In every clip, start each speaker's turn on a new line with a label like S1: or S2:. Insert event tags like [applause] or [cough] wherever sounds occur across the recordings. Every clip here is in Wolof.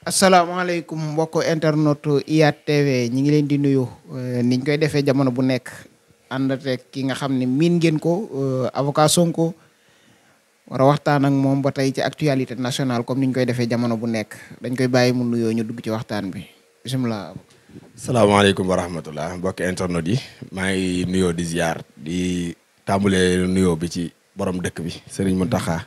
S1: asalaamaaleykum mbokk internet IYAT TV ñi ngi leen di nuyu eh, niñ koy defee jamono bu nekk ànd ak ki nga xam ne miin ngeen ko eh, avocat Sonko war a waxtaan ak moom ba tey ci actualité nationale comme niñ koy defee jamono bu nekk dañ koy bàyyi mu nuyoo ñu dugg ci waxtaan bi bisimilah.
S2: salaamaaleykum wa rahmatulah mbokk internet yi maa ngi nuyoo di ziar di tàmbalee nuyoo bi ci borom dëkk bi Serigne Mountakha.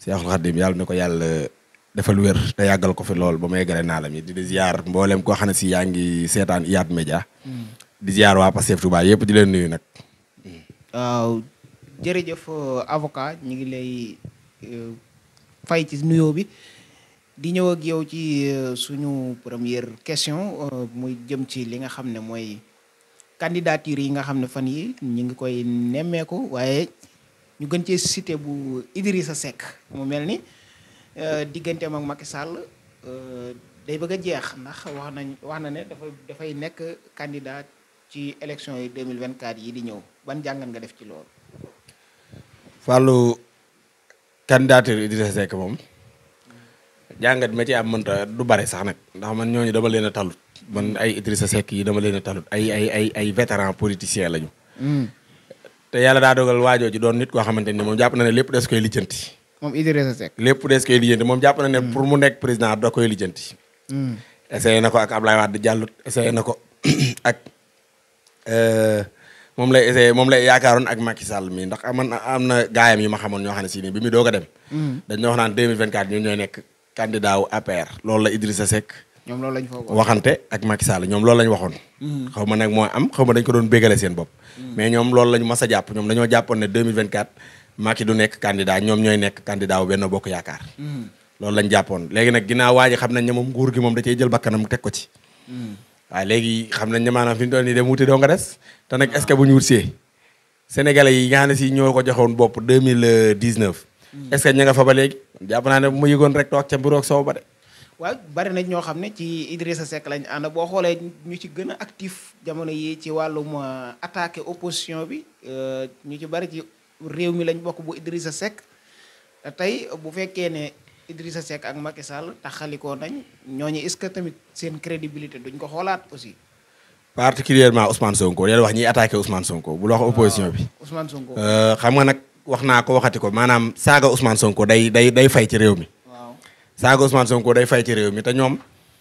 S2: Cheikhul mm. Khadim yàlla na ko yàlla. defal wér te yàggal ko fi lool ba may eggale naa lam mi di di ziar mboolem koo xam ne si yaa ngi seetaan yaat Média. Mm. di ziar waa Pastef Touba yëpp di leen nuyu nag.
S1: waaw jërëjëf euh, avocat ñu ngi lay euh, fay ci nuyoo bi di ñëw ak yow ci euh, suñu première question muy jëm ci li nga xam ne mooy candidature yi nga xam ne fan yi ñu ngi koy nemmeeku waaye ñu gën cee cité bu Idrissa Seck mu mel ni. Euh, digganteem ak Macky Sall euh, day bëgg a jeex ndax wax nañ wax na ne dafa dafay nekk candidat ci élection yi mille 2024 yi di ñëw ban jàngat nga def ci loolu.
S2: Fallou candidature Idrissa Seck moom jàngat ma ci am mënta du bare sax nag ndax man ñooñu dama leen a talut man ay Idrissa Seck yi dama leen a talut ay ay ay ay vétéran politicien lañu. Hmm. te yàlla daa dogal waajoo ji doon nit koo xamante moom jàpp na ne lépp des koy lijjanti.
S1: moom Idrissa Seck.
S2: koy lijjanti moom jàpp na ne pour mu nekk président da koy lijjanti. Hmm. essayé na ko ak Ablaye Wade na ko [clears throat] ak euh, moom lay essayé moom lay yaakaaroon ak Macky Sall mii ndax amoon am na ma xamoon ñoo xam ne si nii bi muy doog a dem. Hmm. dañu wax naan 2024 ñun ñooy nekk candidat wu APR. loolu la Idrissa Seck. ñoom ñoom loolu lañ waxoon. Hmm. xaw ma nag mooy am xaw ma dañ ko doon bégale seen bopp. mais ñoom lool lañ mas a jàpp ñoom dañoo jàppoon ne 2024. Macky du nekk candidat ñoom ñooy nekk candidat wu benn bokk yaakaar. Mm. loolu lañ jàppoon léegi nag ginnaaw waa ji xam na ne moom nguur gi moom da cey jël bakkanam teg ko ci. Mm. waaye léegi xam nañ ne maanaam fi ñu doon nii dem wuti doo nga des te nag yi nga xam ne si ñoo ko joxoon bopp 2019. est ce que ña nga fa ba léegi jàpp naa ne mu yëgoon rek toog ca bureau soow ba de. waaw
S1: bari ñoo xam ne ci Idrissa Seck lañ ànd boo xoolee ñu ci gën a actif jamono yi ci wàllum euh, attaqué opposition bi euh, ñu ci bari ci. réew mi lañ bokk bu Idrissa Seck te tey bu fekkee ne Idrissa Seck ak Macky Sall taxalikoo nañ ñooñu est-ce que tamit seen crédibilité duñ ko xoolaat aussi.
S2: particulièrement Ousmane Sonko yéen wax ñiy attaqué Ousmane Sonko bul wax opposition bi. Ah, Ousmane Sonko euh, xam nga nag wax naa ko waxati ko maanaam saaga Ousmane Sonko day day day fay ci réew mi. waaw saaga Ousmane Sonko day fay ci réew mi te ñoom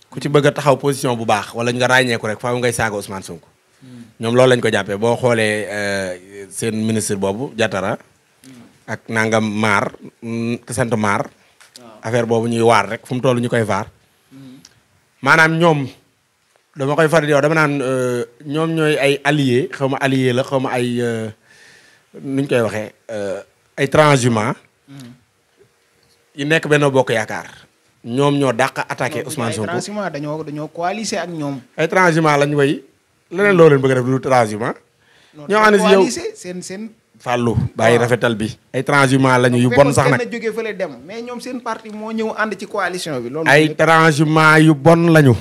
S2: ku ci bëgg taxaw position bu baax wala ñu nga ràññeeku rek faaw ngay saaga Ousmane Sonko. Hmm. ñoom loolu lañ ko jàppee boo xoolee euh, seen ministre boobu jatara ak nangam maar mm, te sant maar affaire boobu ñuy waar rek fu mu toll ñu koy vaar mm-hmm. maanaam ñoom dama koy faral di wax dama naan euh, ñoom ñooy ay allié xaw ma allié la xaw ma ay euh, nuñ koy waxee euh, ay transhumant mm-hmm. yi nekk benn bokk yakaar ñoom ñoo dàq attaqué Ousmane Sonko. ay
S1: dañoo dañoo coalisé ak ñoom.
S2: ay transhumant lañ way ñoo xam ne si seen seen fàllu bàyyi rafetal bi ay transhumant lañu yu bon sax na jóge
S1: fële dem mais ñoom seen parti moo ñëw ànd ci coalition bi loolu ay
S2: transhumant yu bon lañu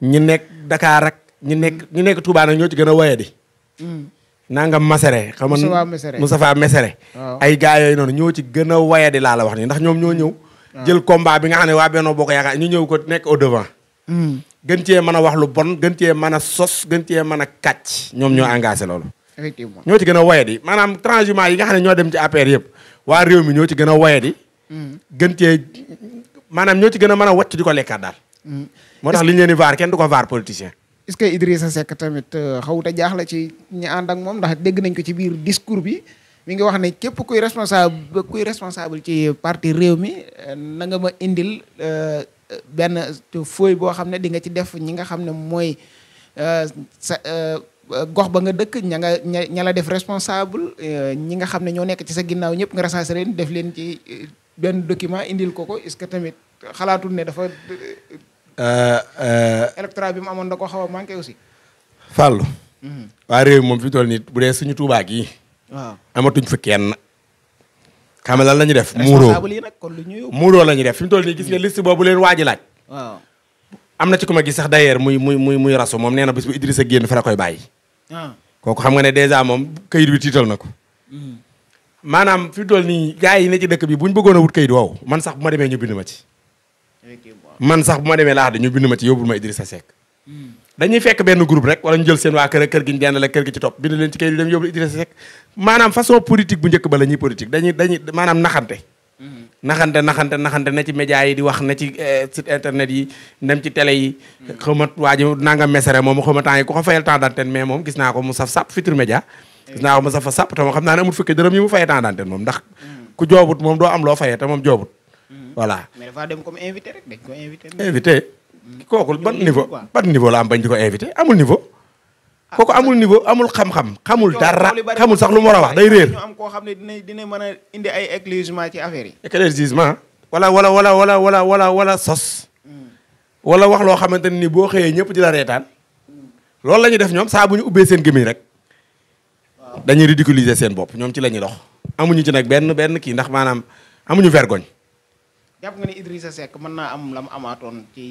S2: ñu nekk dakaar ak ñu nekk ñu nekk Touba nag ñoo ci gën a waye di hmm. nangam Masere xam nga Moustapha Mesere ay gars yooyu noonu ñoo ci gën a waye di laa la wax nii ndax ñoom ñoo ñëw hmm. jël combat bi nga xam ne waa Benno Bokk Yaakaar ñu ñëw ko nekk au devant hmm. gën cee mën a wax lu bon gën cee mën a sos gën cee mën a kàcc ñoom ñoo engagé loolu effectivement ñoo ci gën a waye di maanaam transhumant yi nga xam ne ñoo dem ci APR yëpp waa réew mi ñoo ci gën a waye di hmm. gën cee maanaam ñoo ci gën a mën a wàcc di ko lekkaat daal hmm. moo tax liñ ñu leen di kenn du ko vaar politicien
S1: est-ce que Idrissa Seck tamit euh, xawut a jaaxle ci ñi ànd ak moom ndax dégg nañ ko ci biir discours bi mi ngi wax ne képp kuy responsable kuy responsable ci parti réew mi euh, na nga ma indil euh, benn fooy boo xam ne di nga ci def ñi nga xam ne mooy euh, sa euh, gox ba nga dëkk ña nga ña la def responsable euh, ñi nga xam ne ñoo nekk ci sa ginnaaw ñëpp nga recensé leen def leen ci benn document indil ko ko est-ce que tamit xalaatul ne dafa. électorat bi mu amoon da ko xaw a manqué aussi.
S2: Fallou. Mhm. waa réew moom fi toll nit bu dee suñu tuubaa yi waaw amatuñ fa kenn. xam lan la ñuy def muuroo muuroo la ñuy def fi mu toll nii gis nga mm. liste boobu leen waaji laaj am na ci ku ma gis sax d'ailleurs muy muy muy muy rasu moom nee na bis bu Idrissa génn fa la koy bàyyi ah. kooku xam nga ne dèjà moom kayit bi tiital na ko mm. maanaam fi mu toll nii gars yi ne ci dëkk bi buñ bëggoon a wut kayit woowu man sax bu ma demee ñu bind ci man sax bu ma demee laax da ñu bind ma ci yóbbul ma Idrissa Seck mm. dañuy fekk benn groupe rek wala ñu jël seen waa kër kër gi ñu dendale kër gi ci topp bind leen ci kayit yi dem yóbbu Idrissa Seck maanaam naxante naxante naxante naxante na ci média yi di wax na ci euh, site internet yi dem ci télé yi xaw ma waa ji nangam mesere moom xaw yi ku ko fayal temps d'antenne mais moom gis naa ko mu saf sàpp Futurs Médias gis naa ko mu saf fa sàpp te xam naa ne amul fukki dërëm yi mu fayee temps d'antenne moom ndax ku joobut moom doo kookul ban niveau ban niveau la am bañ di ko invité amul niveau. Ah, kooku amul niveau amul xam-xam xamul dara xamul sax lu mu war a wax day réer. am
S1: koo xam ne dina dina mën a indi ay éclaircissement ci affaire yi.
S2: éclaircissement wala wala wala wala wala wala wala sos. Hmm. wala wax loo xamante ni boo xëyee ñëpp di la reetaan. Hmm. loolu la ñuy def ñoom saa bu ñu ubbee seen gémmiñ rek. dañuy ridiculiser seen bopp ñoom ci la ñuy dox. amuñu ci nag benn benn kii ndax maanaam amuñu vergogne.
S1: jàpp nga ni Idrissa Seck mën naa am la mu amaatoon ci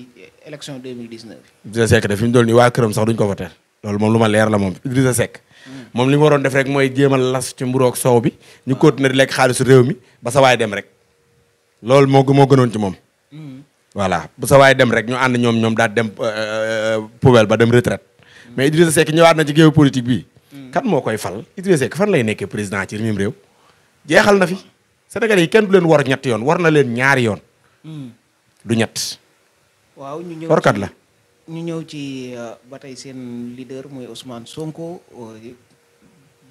S1: élection 2019.
S2: Idrissa Seck de fi mu dool ni waa këram sax duñ ko voter loolu moom lu ma leer la moom Idrissa Seck. Hmm. moom li mu waroon def rek mooy jéem a las ci mburoog soow bi. ñu continuer di lekk xaalisu réew mi ba sa waay dem rek. loolu moo moo gënoon ci moom. Hmm. voilà bu sa waay dem rek ñu ànd ñoom ñoom daal dem euh, euh, poubelle ba dem retraite. Hmm. mais Idrissa Seck ñëwaat na ci géew bi. kan moo koy fal Idrissa Seck fan lay nekkee président ci réewum réew. jeexal na fi. Sénégalais yi kenn du leen war ñetti yoon war na leen ñaari yoon. Hmm. du ñett.
S1: waaw ñu ñëw warkat la. ñu ñëw ci euh, ba tey seen leader mooy Ousmane Sonko euh,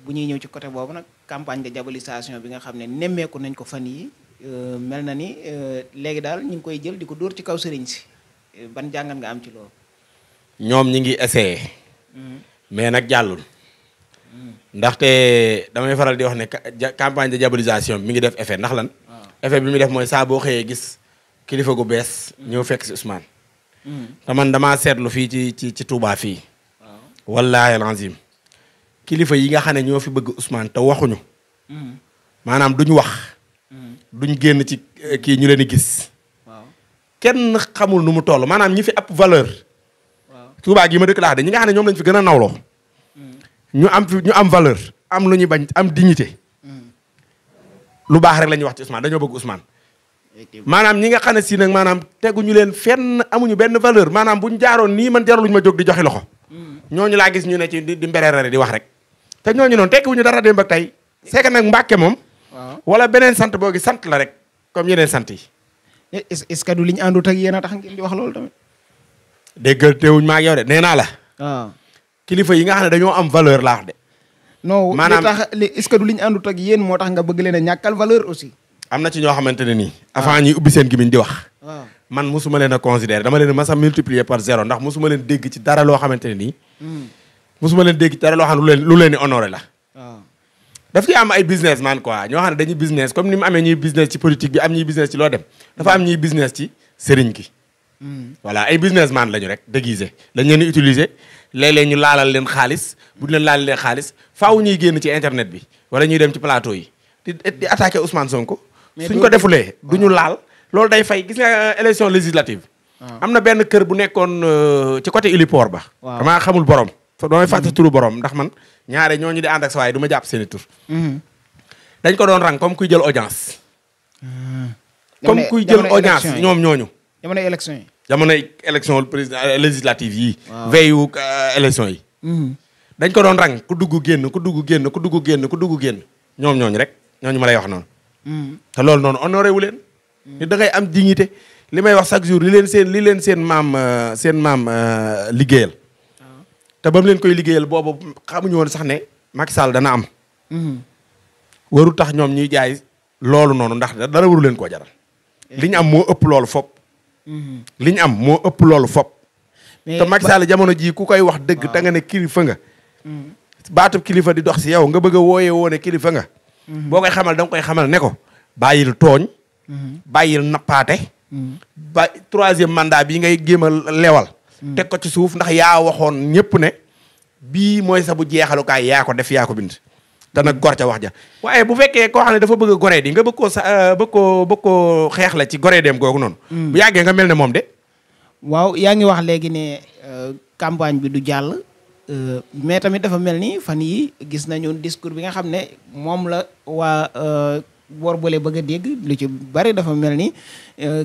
S1: bu ñuy ñëw ci côté boobu nag campagne de diabolisation bi nga xam ne nemmeeku nañ ko fan yi euh, mel na ni léegi daal ñu ngi koy jël di ko dóor ci kaw sëriñ si ban jàngat nga am ci loolu.
S2: ñoom ñi ngi essayé. Hmm. mais nag jàllul. ndaxte damay faral di wax ne campagne de diabolisation bi mi ngi def effet ndax lan. Ah. effet bi muy def mooy saa boo xëyee gis kilifa gu bees. Mm. ñëw fekk si Ousmane. Mm. te man damaa seetlu fii ci ci ci Touba fii. Ah. wallaahi alazim kilifa yi nga xam ne ñoo fi bëgg Ousmane ta waxuñu. Mm. maanaam duñ wax. duñ génn ci eh, kii ñu leen di gis. kenn xamul nu mu toll maanaam ñi fi ab valeur. Touba gii ma dëkk laa de ñi nga xam ñoom lañ fi gën a nawloo. ñu am fi ñu am valeur am lu ñu bañ am dignité mm. lu baax rek la ñuy wax ci Ousmane dañoo bëgg Ousmane. maanaam ñi nga xam ne si nag maanaam teguñu leen fenn amuñu benn valeur maanaam bu buñ jaaroon nii man luñ ma jóg di joxe loxo. Mm. ñooñu laa gis ñu ne ci di mbereerare di wax rek. te ñooñu noonu tekkiwuñu dara démb ak tey. c'est que nag Mbàkke moom. wala beneen sant boo gi sant la rek comme yeneen sant yi.
S1: Eh, est-ce que du li ñu àndut ak yéen a tax ngeen di wax
S2: loolu tamit. déggal teewuñ nee naa la. Ah. kilifa yi nga xam ne dañoo am valeur laax de.
S1: non maanaam li tax li est yéen moo tax nga bëgg leen ñàkkal valeur
S2: aussi. am na ci ñoo xamante ne nii. Ah. avant ñuy ubbi seen gémmiñ di wax. waaw ah. man mosuma leen a considérer dama leen mas a multiplier par zéro ndax mosuma leen dégg ci dara loo xamante ne nii. mosuma hmm. leen dégg ci dara loo xam ne lu leen lu leen di honoré la. waaw ah. daf ci am ay business man quoi ñoo xam ne dañuy business comme ni mu amee ñuy business ci politique bi am ñuy business loo dem dafa am ñuy business ci gi. Hmm. voilà ay businessman lañu rek déguisé dañ leen di léeg ñu laalal leen xaalis bu ñu leen laalalee xaalis faaw ñuy génn ci internet bi wala ñuy dem ci plateau yi di di attaqué Ousmane Sonko. suñ ko defulee du ñu laal loolu day fay gis nga euh, élection législative. Ah. am na benn kër bu nekkoon euh, ci côté Ilipor ba. waaw damaa xamul borom. damay fàtte mm-hmm. turu borom ndax man ñaare ñooñu di ànd ak sa du ma jàpp seen i tur. Mm-hmm. dañ ko doon rang comme kuy jël audience. Ah.
S1: comme kuy jël audience ñoom ñooñu. jamono élection yi.
S2: jamonoy élection président euh, législative yi. waaw veyu euh, élection yi. Mhm. dañ ko doon rang ku dugg génn ku dugg génn ku dugg génn ku dugg génn ñoom ñooñu rek ñooñu ma lay wax noonu. Mhm. te loolu noonu honoré wu leen. Mhm. ni dangay am dignité li may wax chaque jour li leen seen li leen seen maam euh, seen maam liggéeyal. Ah. te ba leen koy liggéeyal boobu xamuñu woon sax ne Macky Sall dana am. waru tax ñoom ñuy jaay loolu noonu ndax dara waru leen koo jaral. Eh. li am moo ëpp loolu fop Mhm. li ñu am moo ëpp loolu fop te Macky Sall jamono jii ku koy wax dëgg da nga ne kilifa nga mhm. baatub kilifa di dox si yow nga bëgg wooye wooyee woone kilifa nga mhm. boo koy xamal da koy xamal ne ko bàyyil tooñ bàyyil nappaate ba troisième mandat bi ngay géem a lewal teg ko ci suuf ndax yaa waxoon ñëpp ne bi mooy sabu bu jeexalukaay yaa ko def yaa ko bind te nag gor ca wax ja waaye bu fekkee koo xam ne dafa bëgg a di nga bëgg koo sa euh, bëgg koo bëgg koo la ci goree dem googu noonu. Hmm. bu yàggee nga mel ne moom de.
S1: waaw yaa ngi wax léegi ne euh, campagne bi du jàll. Euh, mais tamit dafa mel ni fan yi gis nañu discours bi nga xam ne moom la waa boor boole bëgg a dégg lu ci bari dafa mel ni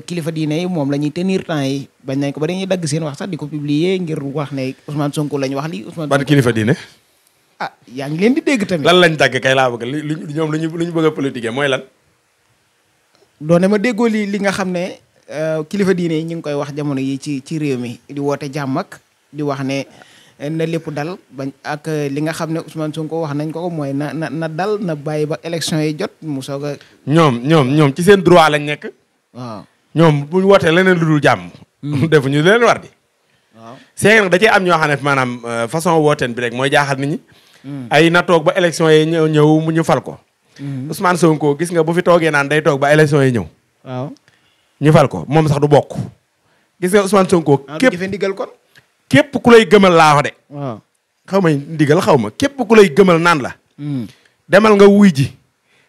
S1: kilifa diine yi moom la ñuy tenir temps yi bañ nañ ko ba dañuy dagg seen wax sax di ko publier ngir wax ne Ousmane Sonko la ñu wax li Ousmane ban kilifa diine. ah yaa ngi leen di dégg tamit. lan
S2: lañ tàgg kay laa bëgg li ñoom lu ñu bëgg a politique mooy lan.
S1: doone ma déggoo li li nga xam ne euh, kilifa diine yi ñu ngi koy wax jamono yi ci ci réew mi di woote jàmm di wax ne lépp dal bañ ak euh, li nga xam ne Ousmane Sonko wax nañ ko mooy na na na dal na bàyyi ba élection yi jot mu soog a.
S2: ñoom ñoom ñoom ci seen droit lañ nekk. waaw ñoom bu ñu wootee leneen lu dul jàmm. Hmm. [laughs] defuñu leen war di. waaw seen da am ñoo xam ne maanaam euh, façon wooteen bi rek mooy jaaxal nit ñi. ay na toog ba élection yi ñëw ñëw ñu fal ko. Mhm. Ousmane Sonko gis nga bu fi toogee naan day toog ba élection yi ñëw. ñu fal ko moom sax du bokk. gis nga Ousmane Sonko. Ah, képp ndigal kon. képp ku lay gëmal laa de. xaw ma ndigal xaw ma képp ku lay gëmal naan la. Hmm. demal nga wuy ji.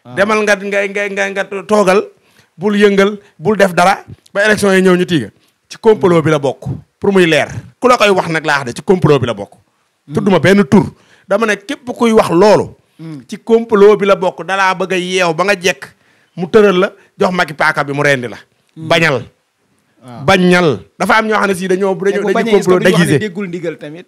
S2: Ah. demal nga nga nga nga toogal. bul yëngal bul def dara ba élection yi ñëw ñu tiiga ci complot bi la bokk pour muy leer ku la koy wax nag laax de ci complot bi la bokk. Hmm. tudduma benn tur dama ne képp kuy wax loolu. Hmm. ci complot bi la bokk dalaa bëgg a yeew ba nga jekk mu tëral la jox Macky paaka bi mu rendi la. Hmm. bañal. Ah. bañal dafa am ñoo xam ne si dañoo dañoo dañuy complot déguisé déggul ndigal tamit.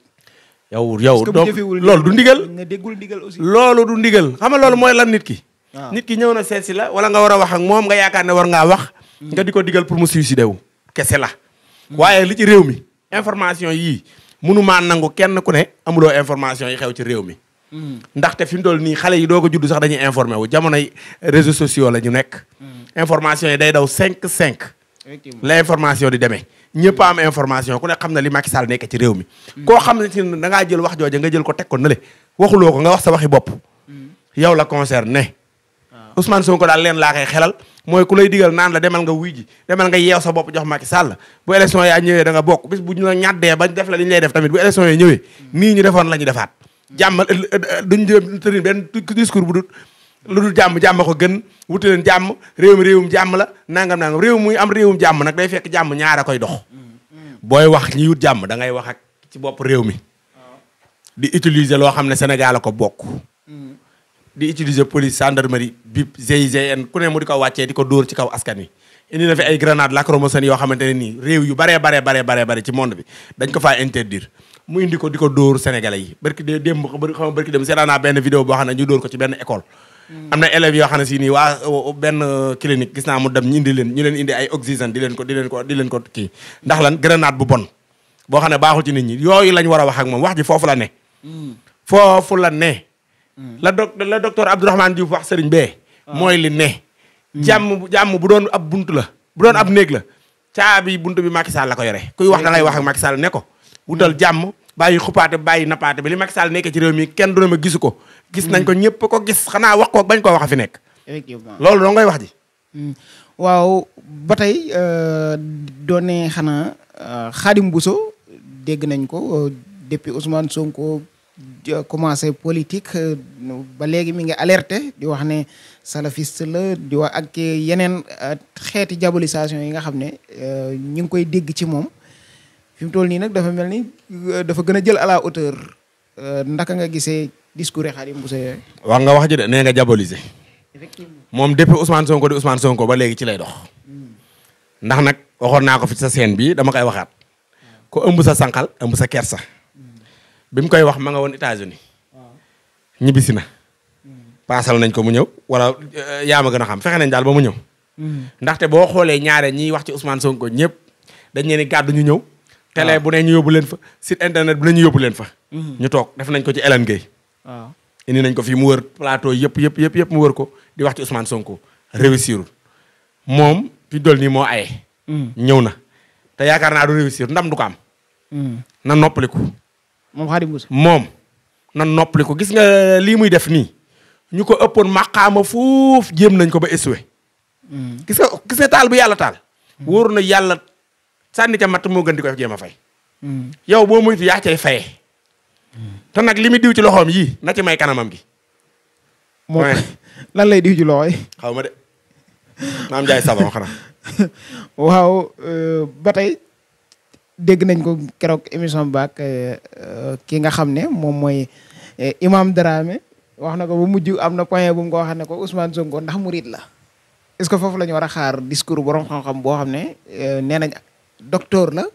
S2: yow yow donc loolu du ndigal déggul ndigal aussi. loolu du ndigal xam nga loolu hmm. mooy lan nit ki. Ah. nit ki ñëw na seet si la wala nga war a wax ak moom nga yaakaar ne war ngaa wax. nga di ko digal pour mu suicidé wu kese la. waaye li ci réew mi information yii. mënumaa nangu kenn ku ne amuloo information yi xew ci réew mi hmm. ndaxte fi mu toll nii xale yi doog ko judd sax dañuy informé wu jamonoy réseaux sociaux la ñu nekk hmm. information yi day daw cinq cinq la information di demee ñëpp am information ku ne xam na li Macky Sall nekk ci réew mi hmm. koo xam ne si da jël wax jooja nga jël ko teg ko nële waxuloo ko nga wax sa waxi bopp yow la ne ah. Ousmane Sonko daal leen laa koy xelal mooy ku lay digal naan la demal nga wuy ji demal nga yeew sa bopp jox ma Macky Sall bu élection yaa ñëwee da nga bokk bis bu ñu la ñàddee bañ def la li ñu lay def tamit bu élection yi ñëwee nii ñu defoon la ñu defaat jàmm duñ jëm tërin benn discours bu dul lu dul jàmm jàmm ko gën wuti leen jàmm réewum réewum jàmm la nangam nangam réew muy am réewum jàmm nag day fekk jàmm ñaara koy dox booy wax ñi wut jàmm dangay wax ak ci bopp réew mi di utiliser loo xam ne Sénégal a ko bokk di utiliser police gendarmerie BIP GIGN ku ne mu di ko wàccee di ko dóor ci kaw askan indi na fi ay grenade lacrymogène yoo xamante ne nii réew yu baree baree baree baree baree ci monde ko di ko dóor sénégalais yi barki de démb xam nga barki dem seetaan naa benn vidéo boo xam ne ñu hmm. si nii waa benn euh, clinique gis mu dem ñu indi leen ñu leen indi ay oxygène di leen ko di leen ko di leen ko kii ndax lan grenade bu bon boo xam ne baaxul ci nit ñi yooyu lañ war a wax ak moom wax ji foofu la ne hmm. foofu la ne Mm. la doc la docteur Abdourahmane Diouf wax sëriñ bee ah. mooy li ne mm. jàmm jàmm bu doon ab bunt la bu doon ab néeg la caabi bunt bi Macky Sall la ko yore kuy wax da ngay wax ak Macky Sall ne ko wutal jàmm bàyyi xupaate bàyyi napaate bi li Macky Sall nekkee ci réew mi kenn du ma gisu ko gis nañ mm. ko ñëpp ko gis xanaa wax ko bañ ko wax a fi nekk loolu doo ngay wax ji waaw ba tey euh, doone xanaa euh,
S1: Khadim buso dégg nañ ko euh, depuis Ousmane ko commencé politique euh, ba léegi mi ngi alerté di wax ne salafiste la di wax ak yeneen euh, xeeti diabolisation yi nga xam ne euh, ñu ngi koy dégg ci moom fi mu toll nii nag dafa mel ni dafa gën a jël à auteur hauteur ndaka nga gisee discours yi Khadim Bousso yooyu.
S2: wax nga wax ji de nee nga diabolisé. effectivement moom depuis Ousmane Sonko di Ousmane Sonko ba léegi ci lay dox. Hmm. ndax nag waxoon naa ko fi sa scène bi dama koy waxaat. ko ëmb sa sànqal ëmb sa kersa. bi mu koy wax ma nga woon États-Unis ñibbisi na paasal nañ ko mu ñëw wala euh, yaa ma gën a xam fexe nañ daal ba mu ñëw ndaxte boo xoolee ñaare ñi wax ci Ousmane Sonko ñëpp dañ leen ni gàddu ñu ñëw télé ah. bu ne ñu yóbbu leen fa site internet bu ne ñu yóbbu leen fa mm-hmm. ñu toog def nañ ko ci Ellen Gueye ah. indi nañ ko fii mu wër plateau yëpp yëpp yëpp yëpp mu wër ko di wax ci Ousmane Sonko réussirul moom fi dol nii moo aye mm. ñëw na te yaakaar naa du réussir ndam du ko am mm. na noppaliku moom Xaadim Buso moom nan noppali ko gis nga lii muy def nii ñu ko ëppoon maqaama foofu jéem nañ ko ba échoué. Mm. gis nga taal bu yàlla taal. wóor na yàlla sànni ca matt moo gën di ko jéem a fay. Mm. yow boo moytu yaa cay fayee. Mm. te nag li muy diw ci loxoom yii na ci may kanamam gi. moo
S1: [laughs] lan lay diw ci loxo yi.
S2: xaw ma de maam Ndiaye Savon xanaa.
S1: [laughs] waaw euh, ba dégg nañ ko keroog émission baak euh, euh, ki nga xam ne moom mooy euh, Imam Dramé wax na ko ba mujj am na point bu mu ko wax ne ko Ousmane Sonko ndax murit la est-ce que foofu la ñu war a xaar discours borom xam-xam boo xam ne nee nañ docteur la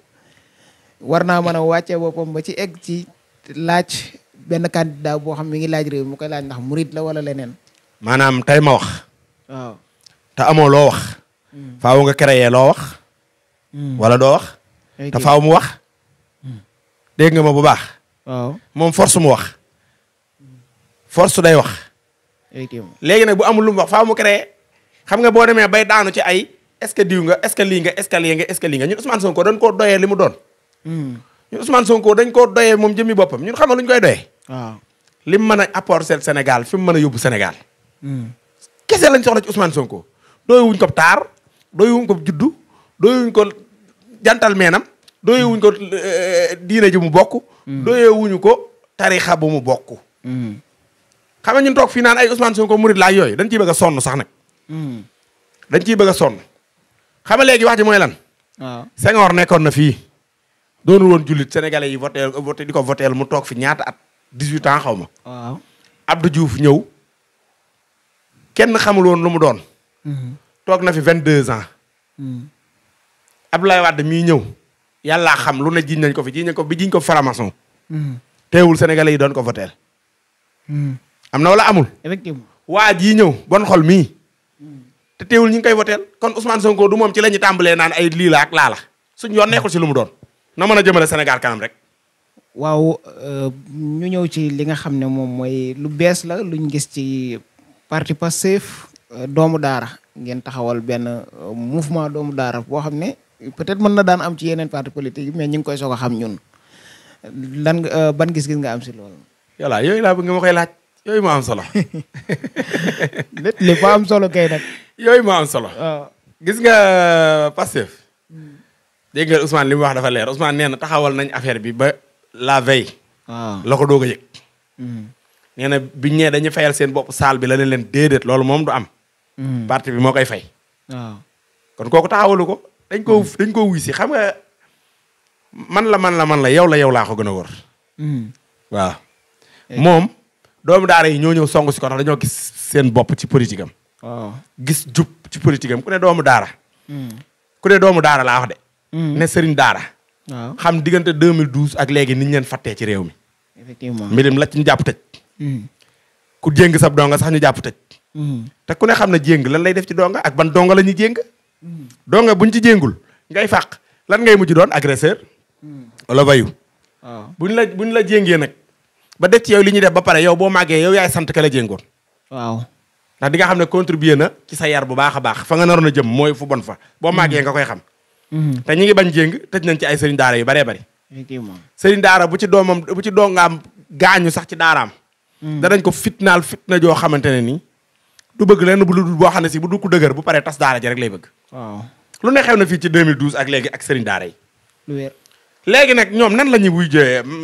S1: war naa mën a wàccee boppam ba ci egg ci laaj benn candidat boo xam mi ngi laaj réew mu koy laaj ndax murit la wala leneen.
S2: maanaam tey ma wax. waaw te amoo loo wax. Mm. faaw nga créer loo wax. Mm. wala doo wax. te faaw mu wax. dégg nga ma bu baax. waaw moom force mu wax. force day wax. léegi nag bu amul lu mu wax faaw mu kere xam nga boo demee bay daanu ci ay est-ce que diw nga est-ce lii nga est-ce lii nga est-ce que lii nga ñun Ousmane dañ koo doyee li mu doon. Hmm. ñun Ousmane Sonko dañ koo doyee moom jëmmi boppam ñun xam nga lu koy doyee. li mu mën a apporter Sénégal fi mu mën a yóbbu senegal hmm. kese lañ soxla ci Ousmane Sonko. doyewuñ ko taar doyewuñ ko juddu doyewuñ ko jantal meenam doyewuñ ko eh, diine ji mu bokk. Mm. doyewuñu ko tarixa bu mu bokk. Mm. xam nga ñun toog fii naan ay Ousmane ko murid laa yooyu dañ ciy bëgg a sonn sax nag. Mm. dañ ciy bëgg a sonn. xam nga léegi wax ji mooy lan. waaw ah. Senghor nekkoon na fii. doonul woon jullit sénégalais yi voté voté di ko votéel mu toog fi ñaata at 18 ans xaw ma. waaw Abdou Diouf ñëw kenn xamul lu mu doon. toog na fi 22 ans. Abdoulaye Wade mii ñëw. yàllaa xam lu ne jiñ nañ ko fi jiñ nañ ko bi jiñ ko faramason teewul sénégalais yi doon ko voteel am na wala amul effectivement waa jii ñëw bon xol mii te teewul ñu ngi koy voteel kon Ousmane Sonko du moom ci la ñu tàmbalee naan ay lii la ak laa suñ yoon neexul ci lu mu doon na mën a jëmale Sénégal kanam rek
S1: waaw euh, ñu ñëw ci li nga xam ne moom mooy lu bees la luñ gis ci parti Pastef euh, doomu daara ngeen taxawal benn euh, mouvement doomu daara boo xam ne peut-être mën na daan am ci yeneen parti politique yi mais ñu koy soog a xam ñun lan euh, ban gis-gis nga am si voilà yooyu laa bëgg nga ma koy laaj yooyu moo am solo. lépp lépp moo am solo kay nag.
S2: yooyu moo am solo. Ah. gis nga euh, Pastef. Hmm. dégg nga Ousmane li mu wax dafa leer Ousmane nee na taxawal nañ affaire bi ba la veille. waaw ah. la ko doog a yëg. Hmm. nee biñ ñee dañu fayal seen bopp saal bi la leen leen déedéet loolu moom du am. Hmm. parti bi moo koy fay. Ah. kon kooku taxawalu ko. dañ koo mm. dañ koo wuy si xam nga man la man la man la yow la yow laa ko gën a wóor. Mm. waaw moom doomu daara yi ñoo ñëw song si ko tax dañoo gis seen bopp ci politikam gis jub ci politique ku ne doomu daara. Mm. ku ne doomu daara la wax de. ne sëriñ daara. waaw xam diggante 2012 ak léegi niñ leen fàttee ci réew mi. effectivement mbirim la ci ñu jàpp tëj. ku jéng sab donga sax ñu jàpp tëj. te ku ne xam na jéng lan lay def ci donga ak ban donga la ñuy jéng. doo nga ñu ci jéngul ngay fàq lan ngay mujj doon agresseur wala yu waaw ah. buñ la buñ la jéngee nag ba def ci yow li ñuy def ba pare yow boo màggee yow yaay sant ka la jéngoon waaw ndax di xam ne contribuer na ci sa yar bu baax a baax fa nga naroon a jëm mooy fu bon fa boo mm-hmm. màggee nga koy xam
S3: mm-hmm.
S2: te ñi ngi bañ jéng tëj nañ ci ay sëriñ daara yu baree bari effectivement sëriñ daara bu ci doomam bu ci dongaam gaañu sax ci daaraam da mm. danañ ko fitnaal fitna joo xamante ne nii du bëgg lenn lu dul boo si bu dul ko bu paree tas daara lay bëgg waaw lu ne xew na fii ci 2012 ak léegi ak sëriñ daara yi. lu wér léegi nag ñoom nan la ñuy wuy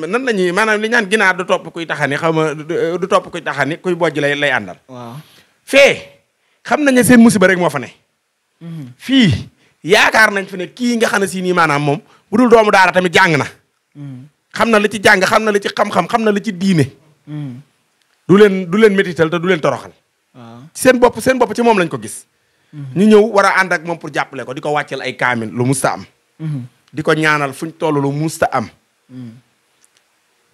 S2: nan la ñuy maanaam li ñaan ginaar du topp kuy taxani xaw ma euh, topp kuy taxani kuy bojj lay lay àndal. fee xam nañ ne seen musiba rek moo fa ne. Mhm. fii yaakaar nañ fi ne kii nga xam ne si nii maanaam moom bu dul doomu daara tamit jàng na. Mhm. xam na li ci jàng xam na li ci xam-xam xam na li ci diine. Mhm. du leen du leen métital te du leen toroxal. waaw seen bopp seen bopp ci moom lañ ko gis. ñu ñëw war a ànd ak moom pour jàppale ko di ko wàcceel ay kaamil lu musta am mhm. di ko ñaanal ñu toll lu musta am mhm.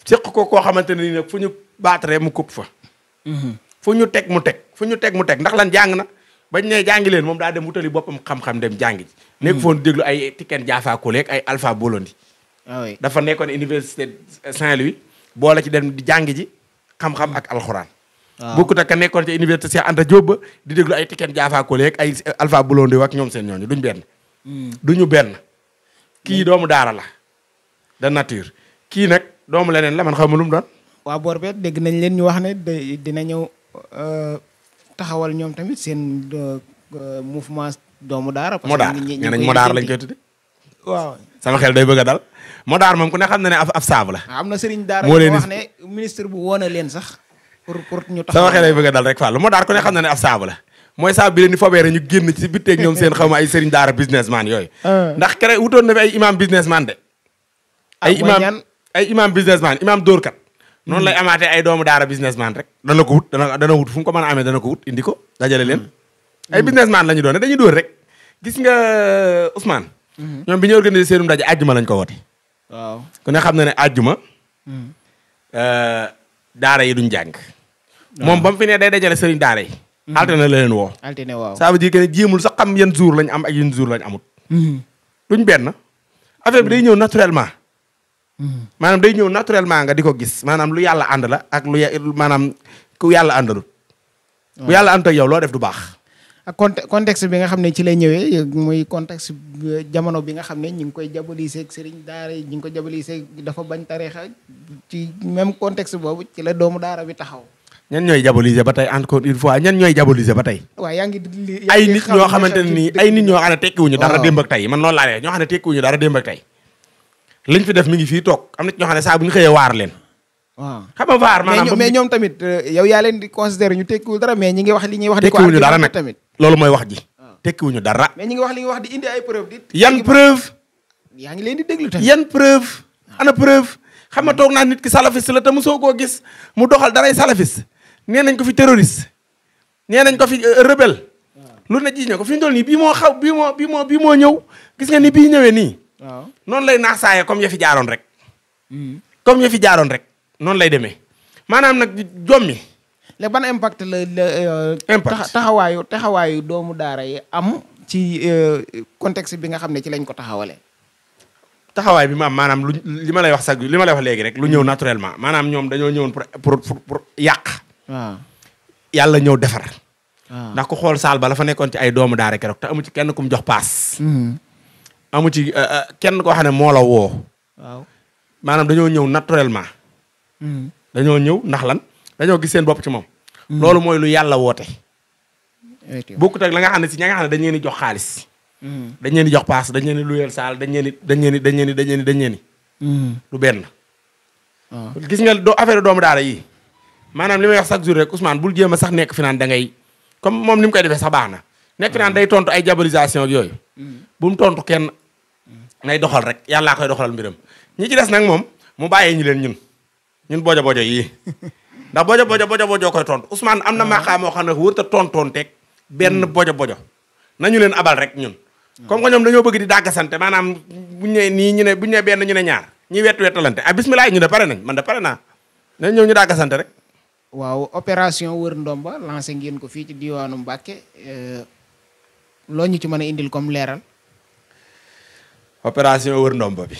S2: séq ko koo xamante ne nii fu ñu baataree mu kub fa mhm. fu ñu teg mu teg fu ñu teg mu teg ndax lan jàng na bañ ne jàngi leen moom daa dem wutali boppam xam-xam dem jàngi ji nekk foon déglu ay tikken Jaafa Kule ay Alpha Bolondi ah dafa nekkoon université Saint-Louis boole ci dem di jàngi ji xam-xam ak alxuraan waaw ah. bokkut ak ka nekkoon ca université Cheikh Anta Diop ba di déglu ay Tiken Jaafa Kole ak ay Alpha Blondy ak ñoom seen ñooñu duñ benn. Hmm. duñu benn kii doomu daara la de nature kii nag doomu leneen la xaw ma lu mu doon. waa dégg nañ leen ñu
S1: wax ne dina ñëw euh, taxawal ñoom tamit seen euh, mouvement doomu daara. parce que ñi ñi ñi modaar lañ koy tudde waaw
S2: sama xel day bëgg a dal modaar moom ku ne xam na ne ab ab saabu la.
S1: am na sëriñ daara wax ne ministre bu woon leen sax. pour pour ñu tax sama xel
S2: lay bëgg a dal rek Fallou moo daal ku e xam na ne ab saabu la mooy saabu bi leen di fobeere ñu génn ci biir teeg ñoom seen xaw ma ay sëriñ daara businessman yooyu ah. ndax kere wutoon na fi ay imam businessman de ay imam ay imam businessman imam noonu lay hmm. amaatee ay doomu daara businessman rek dana ko wut dana dana wut fu mu ko mën a amee dana ko wut indi ko dajale leen hmm. ay hmm. businessman la ñu doon dañuy dóor rek gis nga uh, Ousmane ñoom bi ñu organisé seenum daje àjjuma lañ ko woote waaw ku xam na ne àjjuma uh, daara yi duñ jàng moom bam mu fi ne day dajale sëriñ daara yi. Mhm. alterné la leen woo. alterné waaw ça veut dire que ne jéemul sax xam yan jour lañ am ak yan jour lañ amut. Mhm. duñ benn affaire bi day mhm. ñëw naturellement. maanaam day ñëw naturellement nga di ko gis maanaam lu yàlla ànd la ak lu maanaam ku yàlla àndalut. bu yàlla ànd ak yow loo def du baax. ak contexte
S1: bi nga xam ne ci lay ñëwee muy context jamono bi nga xam ne ñu ngi koy jaboliseeg sëriñ daara yi ñu ngi koy jaboliseeg dafa bañ tarixa ci même contexte boobu ci la doomu daara bi taxaw.
S2: ñan ñooy diaboliser ba tey encore une fois ñan ñooy diaboliser ba tey.
S1: waaw yaa ngi ay nit ñoo xamante ne nii
S2: ay nit ñoo xam ne tekkiwuñu dara démb ak tey man loolu fi toog am na ñoo xam ne saa bu ñu waar leen
S1: xam nga waar maanaam mais ñoom tamit euh, yow yaa leen di considérer ñu tekkiwul dara mais ñi ngi wax li ñuy wax di tekkiwuñu dara nag tamit
S2: loolu mooy wax ji ah. tekkiwuñu dara mais
S1: ñi ngi wax li wax di indi ay preuve
S2: di yan yaa ngi leen di déglu tamit yan preuve ah. ana preuve xam nga ah. toog naa nit ki salafiste la te mosoo koo gis mu doxal daray salafiste nee nañ ko fi terroriste nee nañ ko fi euh, rebelle ah. lu ne jiiñ ko fi ñu toll nii bii moo xaw bii moo bii moo bii moo ñëw gis nga ni bii ñëwee nii. waaw ah. noonu lay naax saayee comme ya fi jaaroon rek. Hmm. comme ya fi jaaroon rek noonu lay demee maanaam nag jommi.
S1: léegi ban impact la la. Euh, impact taxawaayu taxawaayu doomu daara yi
S2: am ci euh, contexte bi nga xam ne ci lañ ko taxawalee. taxawaay bi ma am maanaam lu li ma lay wax sax li ma lay wax léegi rek lu ñëw naturellement maanaam ñoom dañoo ñëwoon pour pour pour yàq. waaw yàlla ñëw defar. ndax ku xool saal ba la fa nekkoon ci ay doomu daara keroog te amu ci kenn kum jox paas. Mm-hmm. amu ci euh, euh, kenn koo xam ne moo woo. waaw maanaam dañoo ñëw naturelement mm-hmm. dañoo ñëw ndax lan dañoo gis seen bopp ci moom. Mm-hmm. loolu mooy lu yàlla woote. bokkut ak la nga xam si ña nga xam ne dañ leen di jox xaalis. dañ jox paas dañ leen di luyeel saal dañ leen di dañ leen di dañ leen dañ leen di dañ leen di. du benn. Ah. gis nga doo doomu daara yi. maanaam li may wax chaque jour rek Ousmane bul jéem a sax nekk fi naan ngay comme moom ni mu koy defee sax baax na nekk naan day tontu ay diabolisation yooyu bu mu tontu kenn nay doxal rek yàllaa koy doxal mbiram ñi ci des nag moom mu bàyyee ñi leen ñun ñun bojo bojo yii ndax bojo bojo bojo bojo koy tontu Ousmane am na ah. maqaa moo xam ne wër ta tontoonteeg benn hmm. bojo bojo nañu leen abal rek ñun hmm. comme que ñoom dañoo bëgg di dàggasante maanaam bu ne nii ñu ne buñ ne benn ñu ne ñaar ñi wettu wettalante ah bismillah ñu ne pare nañ man da pare naa nañ ñëw ñu dàggasante rek
S1: waaw opération wër ndomba lancé ngeen ko fii ci waanu mbake eh, lool ñu ci mën a indil comme leeral.
S2: opération wër ndomba bi.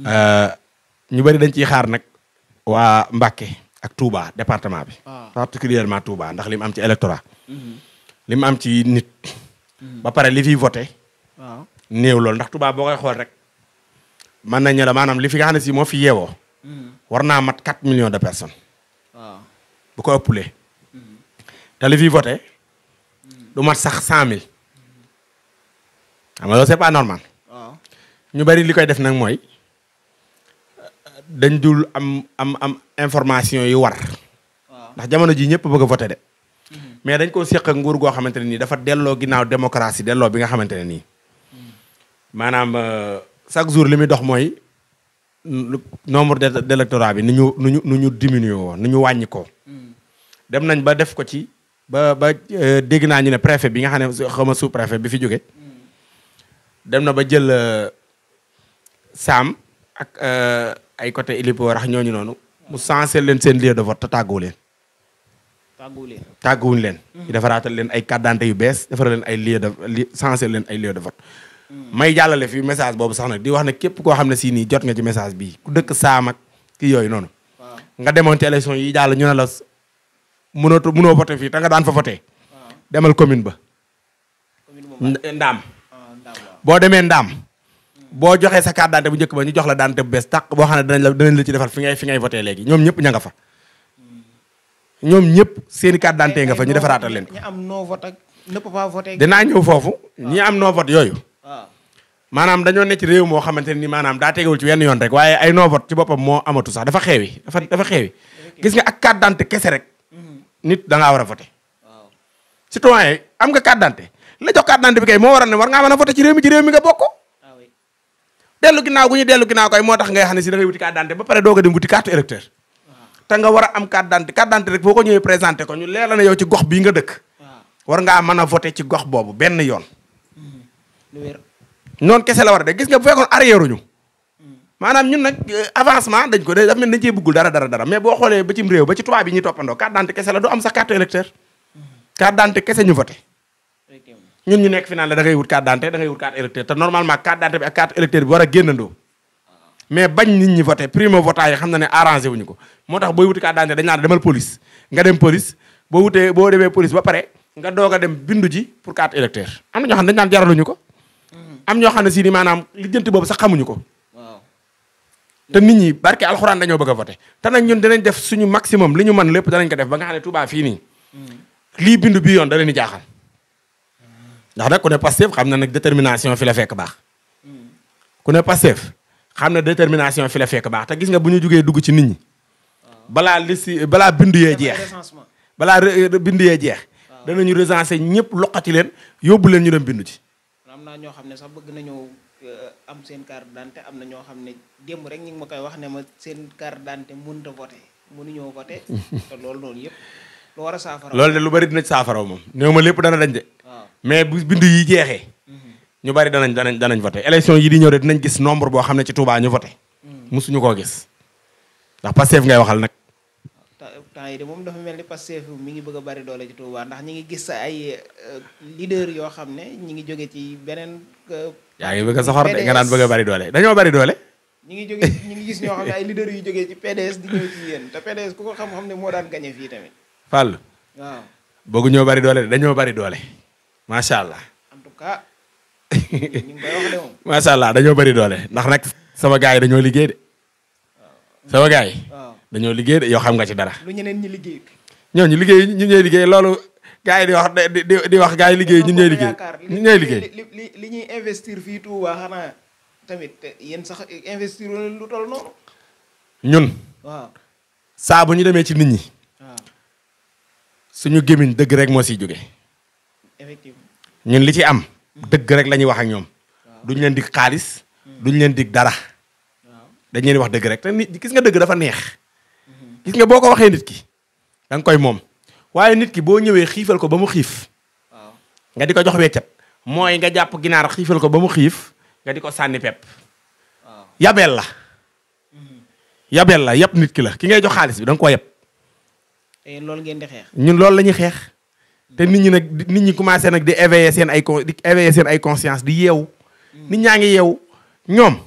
S2: Eh, ñu bari dañ ciy xaar nag. waa mbake ak Touba département bi. Ah. particulièrement Touba ndax li am ci électorat. Mhm. li mu am ci nit. Mhm. ba pare li fiy voté. waaw néew loolu ndax Touba boo koy xool rek. mën nañu la maanaam li fi nga xam ne si moo fi yeewoo. Mhm. war naa mat 4 millions de personnes. du ko ëpplee te li fi voté du mat sax cent mille xam nga loolu
S3: c'est
S2: ñu bari li koy def nag mooy dañ dul am am am information yu war ndax jamono ji ñëpp bëgg a voté de mhm. mais dañ koo séq ak nguur goo xamante ne nii dafa delloo ginnaaw démocratie delloo bi nga xamante ne nii mhm. maanaam euh, chaque jour li muy dox mooy nombre d'électorat bi nu ñu nu ñu ñu diminuer woon nu ñu wàññi ko mhm. dem nañ ba def ko ci ba ba euh, dégg naa ñu ne préfet bi nga xam ne xama sous préfet bi fi jóge dem na ba jël euh, saam ak euh, ay côté ilipo rax ñooñu noonu mu sensé leen seen lieu de vote te tàgguwu leen tàgguwu leen tàgguwuñ leen mm-hmm. defaraatal leen ay carte yu bees defara leen ay lieu de sensé leen ay lieu de vote mm-hmm. may jàllale fi message boobu sax nag di wax ne képp koo xam ne si nii jot nga ci message bii ku dëkk saamak ak ki yooyu noonu nga demoon ci élection yi jàll ñu ne la mënoo mënoo voté fii te nga daan fa voté ah. demal commune ba. ndaam ah, boo demee ndaam hmm. boo joxee sa carte d'identité bu njëkk ba ñu jox la daan te bu bees tàq boo xam ne danañ la danañ la ci defal fi ngay fi ngay voté léegi ñoom ñëpp ña hmm. ñoom ñëpp seen i carte nga fa ñu defaraatal leen
S1: am non vote ak ne peut pas ñëw foofu
S2: ah. ñu am non vote yooyu. maanaam dañoo nekk ci réew moo xamante ni maanaam daa tegewul ci wenn yoon rek waaye ay non vote ci boppam moo amatu sax dafa xeewi dafa dafa xeewi. gis nga ak carte d'identité kese rek nit da ngaa war a voté. waaw citoyen am nga carte d'identité la jox carte d'identité bi kay moo waral ne war ngaa a voté ci réew mi ci réew mi nga bokk. Ah dellu ginnaaw gu ñu dellu ginnaaw koy moo tax ngay xam ne si da ngay wuti carte d'identité ba pare doog a dem wuti carte électeur ah. te war a am carte d'identité carte d'identité rek foo ko ñëwee présenté ko ñu leer la ne yow ci gox bii nga dëkk. Ah. war ngaa mën a voté ci gox boobu benn yoon.
S1: Mm-hmm.
S2: noon kese la war a de gis nga bu fekkoon arrière ñu maanaam ñun nag euh, avancement dañ ko daf mel dañ cee bëggul dara dara dara mais boo xoolee ba cim réew ba ci tubaab yi ñuy toppandoo carte d'identité kese la mm-hmm. ñu voté ñun ñu nekk fi naan la da ngay wut carte d'identité da ngay wut carte électeur te normalement carte d'identité bi ak carte électeur bi war a génnandoo ah. mais bañ nit ñi voté primo votant yi xam na ne arrangé wuñu ko moo tax booy wuti carte d'identité dañ naan demal police nga dem police boo wutee boo demee police ba pare nga doog dem bindu ji pour carte électeur am na ñoo xam ko mm-hmm. am ñoo xam ne maanaam lijjanti boobu sax xamuñu ko te nit ñi barke alxuraan dañoo bëgg a voté te nag ñun danañ def suñu maximum li ñu mën lépp danañ ko def ba nga xam ne Touba fii mm. lii bindu bi yoon da leen ni jaaxal ndax nag ku ne Pastef xam na nag détermination fi fekk baax mm. ku ne Pastef xam na détermination fi la fekk baax te gis nga bu ñu jugee dugg ci nit ñi ah. balaa liste balaa bindu yee jeex balaa bindu yee jeex ah. ñu recenser ñëpp loqati leen yóbbu leen ñu dem bindu ci
S1: am na ñoo xam ne sax bëgg nañu am seen carte d'identité am na ñoo xam ne démb rek ñu ngi ma koy wax ne ma seen carte d'identité mënut a mënuñoo voté. [laughs] te noonu yëpp
S2: lu war a saafara. loolu de lu bari dina ci moom néew ma lépp dana dañ de. mais bu bindu yi jeexee. Mhm. ñu bari danañ danañ danañ voté élection yi di ñëw de dinañ gis nombre boo xam ne ci Touba ñu voté. Mhm. mosuñu koo gis ndax Pastef ngay waxal nag.
S1: temps yi de moom dafa mel ni Pastef mi ngi bëgg a bari doole ci Touba ndax ñi ngi gis ay euh, leader yoo xam ne ñi ngi jóge ci euh, yaa ngi bëgg a soxor de nga naan bëgg a bari doole dañoo bari doole. ñi xam ne moo daan gañe fii
S2: ñoo bari doole dañoo bari doole macha allah. en tout cas. dañoo bari doole ndax nag sama gars yi dañoo liggéey de. sama gars dañoo liggéey de yoo xam nga ci dara. lu ñeneen ñi ñu ñooy liggéey loolu gars yi di wax di wax gars yi liggéey ñun ñooy liggéey ñun ñooy liggéey
S1: li li ñuy investir fii Touba xanaa tamit yéen sax investir lu toll noonu
S2: ñun saa bu ñu demee ci nit ñi suñu gémmiñ dëgg rek moo siy jóge ñun li ci am mm. dëgg rek lañuy ñuy wax ak ñoom duñ leen dig xaalis mm. duñ leen dig dara dañ leen wax dëgg rek te gis nga dëgg dafa neex mm-hmm. gis nga boo ko waxee nit ki da koy moom waaye nit ki boo ñëwee xiifal ko ba mu xiif nga di ko jox weccat mooy nga jàpp ginaar xiifal ko ba mu xiif nga di ko sànni pepp yabeel la mm-hmm. yabeel la yab nit ki la ki ngay jox xaalis bi danga ko koo yab eh, loolu ngeen di xeex ñun loolu la ñuy xeex mm-hmm. te nit ñi nag nit ñi commencé nag di éveiller seen ay di éveiller seen ay conscience di yeewu mm-hmm. nit ñaa ngi yeewu ñoom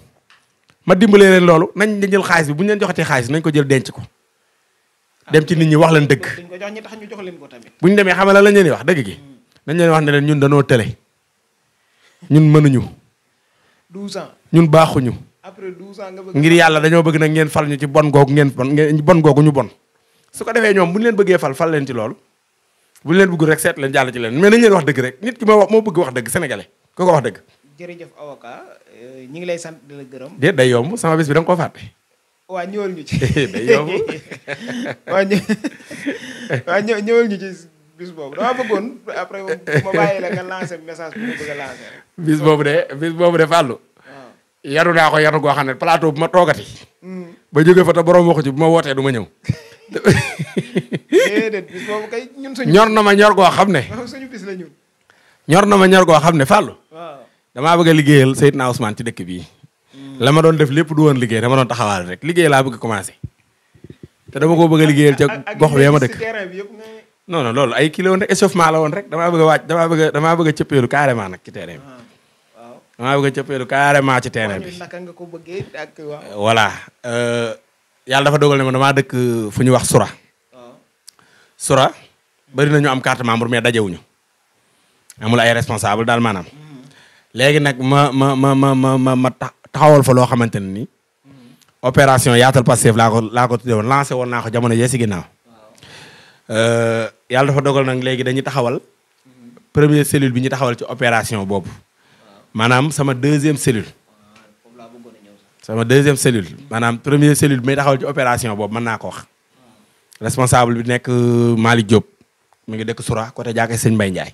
S2: ma dimbalee leen loolu nañ jël xaalis bi bu ñu leen joxatee xaalis nañ ko jël denc ko dem ci nit ñi wax leen dëgg bu ñu demee xamala la leen wax dëgg gi hmm. dañ leen wax ne leen ñun danoo télé ñun mënuñu. 12 ans ñun baaxuñu. après 12 ans nga ngir yàlla dañoo bëgg nag ngeen fal ñu ci bon googu ngeen bon ngeen bon googu ñu bon. su ko defee ñoom bu ñu leen bëggee fal fal leen ci loolu bu ñu leen bëggul rek seet leen jàll ci leen mais nañ leen wax dëgg rek nit ki ma moo bëgg wax dëgg sénégalais ko ko wax dëgg.
S1: jërëjëf avocat euh, ñu ngi lay sant di la gërëm.
S2: déet day yomb sama bés bi da nga koo fàtte.
S1: waa ñëwal ñu ci. day [laughs] yomb [laughs] waa boobu dama bëggoon après ma bàyyi
S2: boobu de bis boobu de Fallou. Ah. yaru naa ko yaru goo xam ne plateau bu ma toogati. Hmm. ba jóge fa te borom waxu ci bu ma wootee duma ma ñëw. [laughs] déedéet na ma ñor goo xam ne.
S1: suñu
S2: na ma ñor goo xam ne Fallou. damaa bëgg a liggéeyal Seydina Ousmane ci dëkk bii. la ma doon def lépp du woon liggéey dama doon taxawaal rek liggéey laa bëgg commencé te dama ko bëgg a ma dëkk la woon rek échauffement la woon rek bëgg a wàcc damaa bëgg a damaa bëgg a cëppeelu carrément nag ci terrain bi ah, damaa bëgg a cëppeelu carrément ci terrain bi
S1: naka nga ko bëggee ak euh,
S2: euh, yàlla dafa dogal ne ma damaa dëkk fu ñu wax sura ah. sura bari nañu am carte membre mais dajewuñu amul ay responsable daal maanaam mm-hmm. léegi nag ma ma ma ma ma tax taxawal fa loo xamante ne ni opération yaatal Pastef laa ko laa ko woon lancé woon naa ko jamono yee si ginnaaw euh, yàlla dafa dogal nag léegi dañuy taxawal première cellule bi ñu taxawal ci opération boobu maanaam sama deuxième cellule sama deuxième cellule maanaam première cellule bi may taxawal ci opération boobu mën naa ko wax responsable bi nekk euh, Malick Diop mu ngi dëkk Soura côté jaake Sëñ Mbaye Ndiaye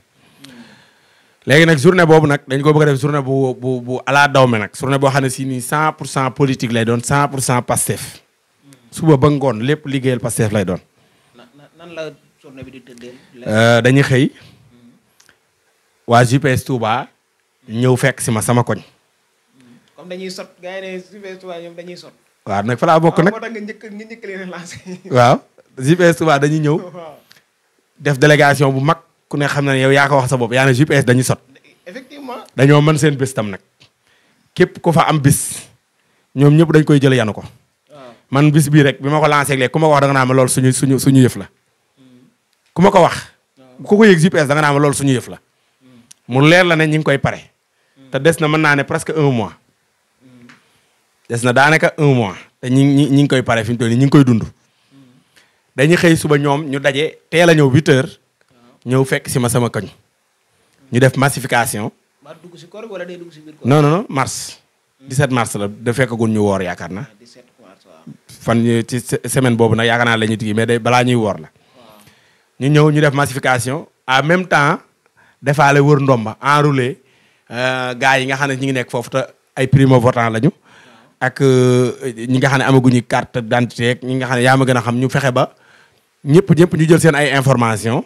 S2: léegi nag journée boobu nag dañ ko bëgg a def journée bu bu bu alaa dawme nag journée boo xam ne si nii cent pour cent politique lay doon cent pour cent Pastef suba ba ngoon lépp liggéeyal Pastef lay doon.
S1: nan la journée bi di euh, dañuy
S2: xëy waa GPS Touba ñëw fekk si ma sama koñ.
S1: comme dañuy sot gars yi dañuy sot.
S2: waaw nag fa laa bokk ah, nag waaw
S1: moo tax njëkk nga waaw
S2: GPS Touba dañuy ñëw. [laughs] def délégation bu mag. ku ne xam na ne yow yaa ko wax sa bopp yaa ne GPS dañuy sot effectivement dañoo mën seen bés tam nag képp ku fa am bis ñoom ñëpp dañ koy jël yanu ko ah. man bis bii rek bi ma ko lancé léegi ku ma ko wax da nga naa suñu suñu suñu yëf la hmm. ku ma ko wax ah. ku ko yëg GPS da naa ma loolu suñu yëf la hmm. mu leer la ne ñu ngi koy pare hmm. te des na mën naa ne presque un mois des na daanaka un mois te ñi ñi ñi ngi koy pare fi mu toll nii ñi ngi koy dund dañuy xëy suba ñoom ñu daje teel a ñëw huit ñëw fekk si ma sama koñ ñu def massification.
S1: maa dugg si koor wala day dugg si biir
S2: koor. non non mars. la da fekkagul ñu woor yaakaar na fan ci semaine boobu nag yaakaar naa la ñuy tigi mais day balaa ñuy woor la. ñu ñëw ñu def massification en même temps defaale wër ndomba enroulé euh, gars yi nga xam ne ñu ngi nekk foofu te ay primo votant lañu. ak euh, ñi nga xam ne amaguñu carte d'identité ñi nga xam ne yaa ma gën a xam ñu fexe ba ñëpp ñëpp ñu jël seen ay information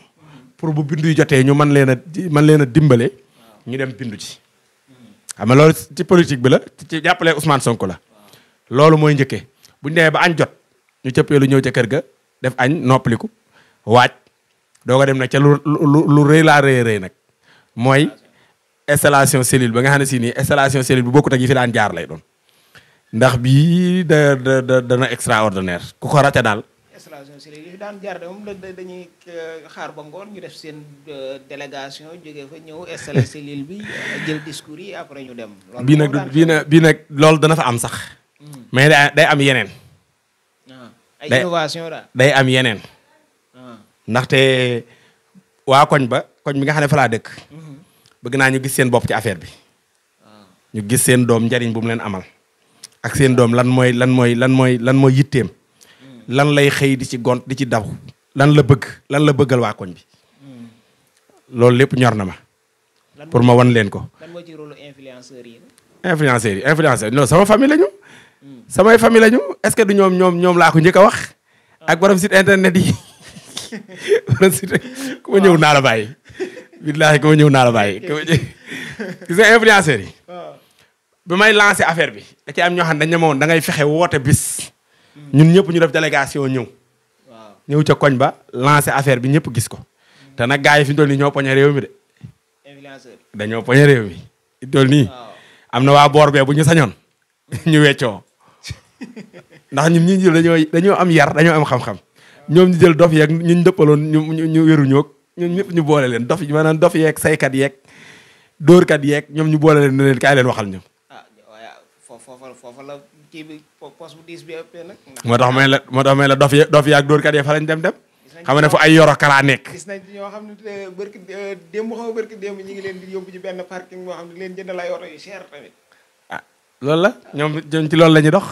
S2: pour bu bindu yi jotee ñu man leen a man leen a dimbale ñu dem bindu ci xam nga loolu ci politique bi la ci jàppalee Ousmane sonk la loolu mooy njëkkee buñ ñu ba añ jot ñu cëpp cëppeelu ñëw ca kër ga def añ noppaliku waaj doo dem na ca lu lu lu rëy laa rëy rey nag mooy installation cellule ba nga xam ne si nii installation cellule bu bokkut ak yi fi daan jaar lay doon ndax bii da da dana extraordinaire ku ko rate daal
S3: installation daan jaar de
S1: euh, xaar ba ngoon ñu def seen euh, délégation jóge fa ñëw installé [laughs] cellule ñu dem.
S2: bii nag bii nag bii nag loolu dana fa am sax. Hmm. mais day am yeneen. Ah. ay day am yeneen. Ah. ndaxte waa koñ ba koñ bi nga xam ne falaa laa dëkk. Hmm. bëgg naa ñu gis seen bopp ci affaire bi. Ah. ñu gis seen doom njariñ bu leen amal. ak seen doom lan mooy lan mooy lan mooy lan mooy yitteem. lan lay xëy di ci gont di ci daw lan la bëgg lan la bëggal waa koñ bi hmm. loolu lépp ñor na ma pour ma wan leen ko
S1: lan moo ci rôle influenceur yi
S2: influenceur yi influenceur non sama famille lañu hmm. samay famille lañu est-ce que du ñoom ñoom ñoom laa ko njëkk wax ah. ak borom site internet yi [laughs] borom ñëw naa bàyyi billaahi ku ma ñëw naa bàyyi [laughs] gis nga influenceur yi ah. may lancé affaire bi da ci am ñoo xam ne dañ ne da ngay fexe woote bis ñun ñëpp ñu def délégation ñëw. waaw ñëw ca koñ ba lancé affaire bi ñëpp gis ko. Hmm. te nag gars yi fi ñu toll nii ñoo poñe réew mi de. influenceur dañoo poñe réew mi. fi toll am na waa boor bee bu ñu sañoon [laughs] ñu weccoo ndax ñun dañoo am yar dañoo am xam ñoom ñu jël dof yeeg ñun dëppaloon ñu ñu ñu wéruñoo ñun ñëpp ñu boole leen dof yi maanaam dof yeeg saykat yeeg dóorkat yeeg ñoom ñu boole leen ne leen kaay ñoom.
S1: kii bi poos bu diis bi
S2: ëppee nag. moo tax may la moo tax may la dof ya dof ya ak fa lañ dem dem. xam ne fu ay yoro kalaa nekk.
S1: gis nañ ñoo xam ne euh, euh, barki démb xaw ma barki démb ñu ngi leen di yóbbu
S2: ah, loolu la ñoom ñoom ci lool la ñuy dox.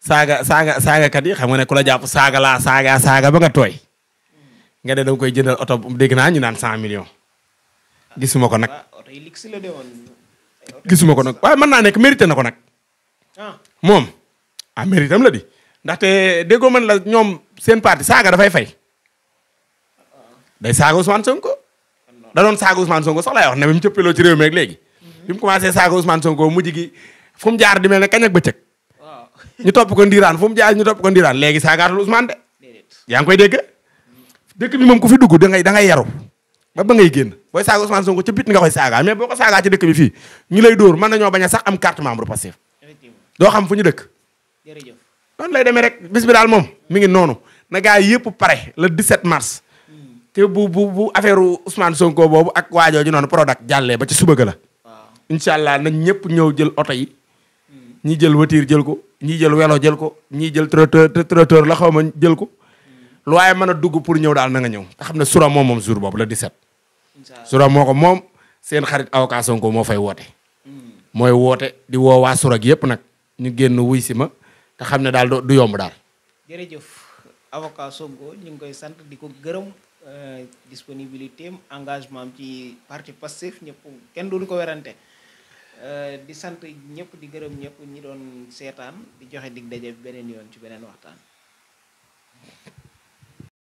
S2: saaga saaga saagakat yi xam nga ne ku la jàpp saaga laa saaga saaga ba nga tooy. Hmm. nga ne da nga koy jëndal oto dégg naa ñu naan cent millions. Ah, gisuma ko nag. gisuma ko nag waaye mën naa nekk mérité na ko nag. Ah. moom ah mérite am la di ndaxte déggoo man la ñoom seen parti saaga dafay fay day saaga Ousmane Sonko da doon saaga Ousmane Sonko ne bi mu cëppiloo ci réew mi ak léegi bi mu mujj gi fu jaar di mel ne kañ ak bëccëg ñu topp ko ndiiraan fu jaar ñu topp ko ndiiraan léegi saagaatul Ousmane de yaa ngi koy dégg dëkk bi ku fi dugg da ngay da ngay yaru ba ba ngay génn booy saaga Ousmane Sonko ko saagaa ci dëkk bi fii ñu lay dóor mën nañoo bañ a doo xam fu ñu dëkk. jërëjëf noonu lay demee rek bis bi daal moom mi ngi noonu na gaa yëpp pare le 17 mars. Hmm. te bu bu bu affaire Ousmane Sonko boobu ak waajoo ji noonu Prodac jàllee ba ci suba la. incha allah nañ ñëpp ñëw jël oto yi. Hmm. ñii jël voiture jël ko ñii jël welo jël ko ñii jël trateur trotteur la xaw ma jël ko. Hmm. lu waaye mën a dugg pour ñëw daal na nga ñëw te xam ne sura moom moom jour boobu la 17. incha allah sura moo ko moom seen xarit avocat Sonko moo fay woote. mooy woote di woo waa yëpp nag. ñu génn wuy si ma te xam ne daal du yomb daal.
S1: jërëjëf avocat Sonko ñu ngi koy sant di ko gërëm euh, disponibilité am engagement ci parti Pastef ñëpp kenn duñu ko werante euh, di sant ñëpp di gërëm ñëpp ñi doon seetaan di joxe dig daje beneen yoon ci beneen waxtaan.